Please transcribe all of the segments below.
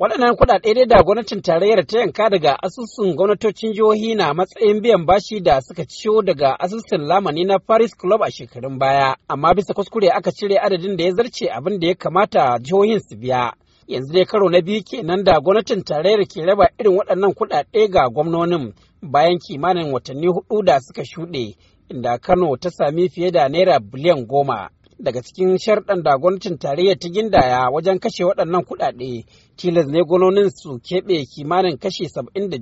Waɗannan kuɗaɗe dai da gwamnatin tarayyar ta yanka daga asusun gwamnatocin jihohi na matsayin biyan bashi da suka ciyo daga asusun lamani na Paris Club a shekarun baya, amma bisa kuskure aka cire adadin da ya zarce abin da ya kamata jihohin su biya. Yanzu dai karo na biyu kenan da gwamnatin tarayyar ke raba irin waɗannan kuɗaɗe ga gwamnonin bayan kimanin watanni hudu da suka shuɗe, inda Kano ta sami fiye da naira biliyan goma. daga cikin sharɗan da gwamnatin tarayya ta gindaya wajen kashe waɗannan kuɗaɗe tilas ne gwanonin su keɓe kimanin kashe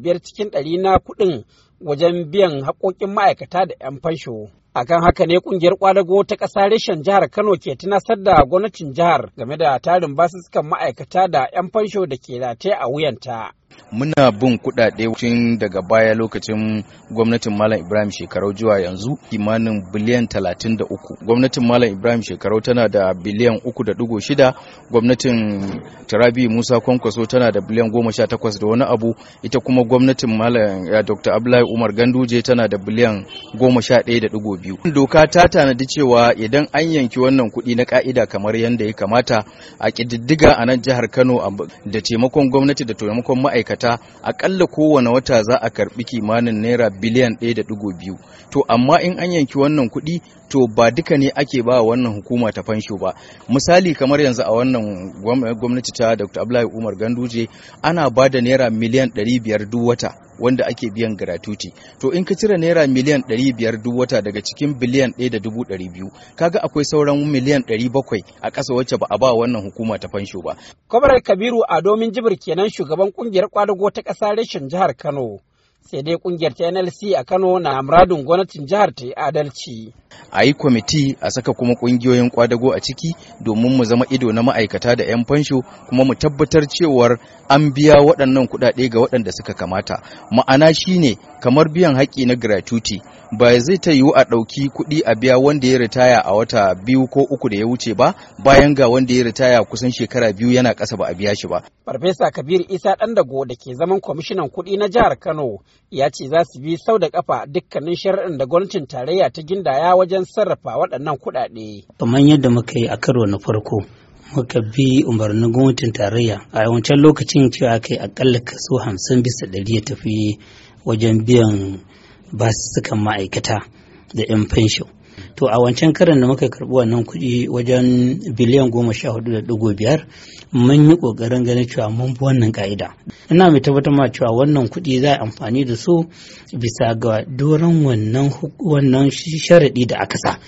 biyar cikin ɗari na kuɗin wajen biyan haƙoƙin ma'aikata da 'yan fansho akan haka ne ƙungiyar kwadago ta ƙasa reshen jihar kano ke tunasar da gwamnatin jihar game da tarin basussukan ma'aikata da 'yan fansho da ke rataye a wuyanta muna bin kuɗaɗe cikin daga baya lokacin gwamnatin Malam Ibrahim Shekarau zuwa yanzu kimanin biliyan 33. Gwamnatin Malam Ibrahim Shekarau tana da biliyan 3.6, gwamnatin Tarabi Musa Kwankwaso tana da biliyan 18 da wani abu, ita kuma gwamnatin Malam eh, Dr. Abdullahi Umar Ganduje tana da biliyan 11.2. Doka ta tanadi cewa idan an yanki wannan kuɗi na ka'ida kamar yadda ya kamata a ƙididdiga a nan jihar Kano da taimakon gwamnati da taimakon ma'aikata ma'aikata akalla kowane wata za a karbi kimanin naira biliyan 1.2 to amma in an yanki wannan kuɗi to ba duka ne ake ba wannan hukuma ta fansho ba misali kamar yanzu a wannan gwamnati ta dr abdullahi umar ganduje ana ba da naira miliyan 500 duk wata wanda ake biyan gratuti to in ka cire naira miliyan 500 duk wata daga cikin biliyan 1.200 kaga akwai sauran miliyan 700 a ƙasa wacce ba a ba wannan hukuma ta fansho ba kwamrar kabiru a domin jibir kenan shugaban kungiyar kwadago ta ƙasa rashin jihar kano sai dai kungiyar ta nlc a kano na muradun gwamnatin jihar ta yi adalci a yi kwamiti a saka kuma kungiyoyin kwadago a ciki domin mu zama ido na ma'aikata da 'yan fansho kuma mu tabbatar cewar an biya waɗannan kuɗaɗe ga waɗanda suka kamata ma'ana shine kamar biyan haƙƙi na gratuity ba zai ta yiwu a ɗauki kuɗi a biya wanda ya ritaya a wata biyu ko uku da ya wuce ba bayan ga wanda ya ritaya kusan shekara biyu yana ƙasa ba a biya shi ba. Farfesa Kabiru Isa Ɗandago da ke zaman kwamishinan kuɗi na jihar Kano ya ce za su bi sau da kafa dukkanin shari'ar da gwamnatin tarayya ta gindaya wajen sarrafa waɗannan kuɗaɗe. kamar yadda muka yi a karo na farko muka bi umarnin gwamnatin tarayya a yawancin lokacin cewa kai akalla kaso hamsin bisa ɗari ya tafi wajen biyan basussukan ma'aikata da 'yan fenshin. to a wancan karin da muka karbi wannan kuɗi wajen biliyan goma sha hudu da dugo biyar mun yi ƙoƙarin ganin cewa mun bi wannan ka'ida ina mai tabbatar ma cewa wannan kuɗi za a amfani da su bisa ga doron wannan wannan sharaɗi da aka sa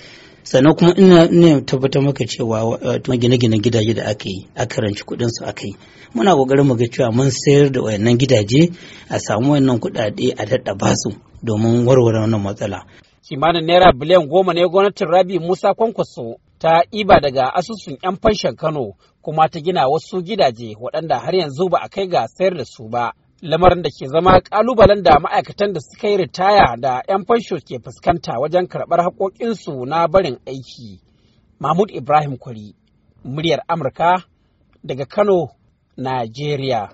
sannan kuma ina ne tabbatar maka cewa eh, gine gine gidaje da aka yi a karanci kuɗin su aka yi muna kokarin mu ga cewa mun sayar da wayannan gidaje a samu wannan kuɗaɗe a dadda basu domin warware wannan matsala kimanin naira biliyan goma ne gwamnatin rabi musa kwankwaso ta iba daga asusun 'yan fanshen kano kuma ta gina wasu gidaje waɗanda har yanzu ba a kai ga sayar da su ba lamarin da ke zama kalubalen da ma'aikatan da suka yi ritaya da 'yan fansho ke fuskanta wajen karɓar haƙoƙinsu na barin aiki mahmud ibrahim kwari muryar amurka daga kano najeriya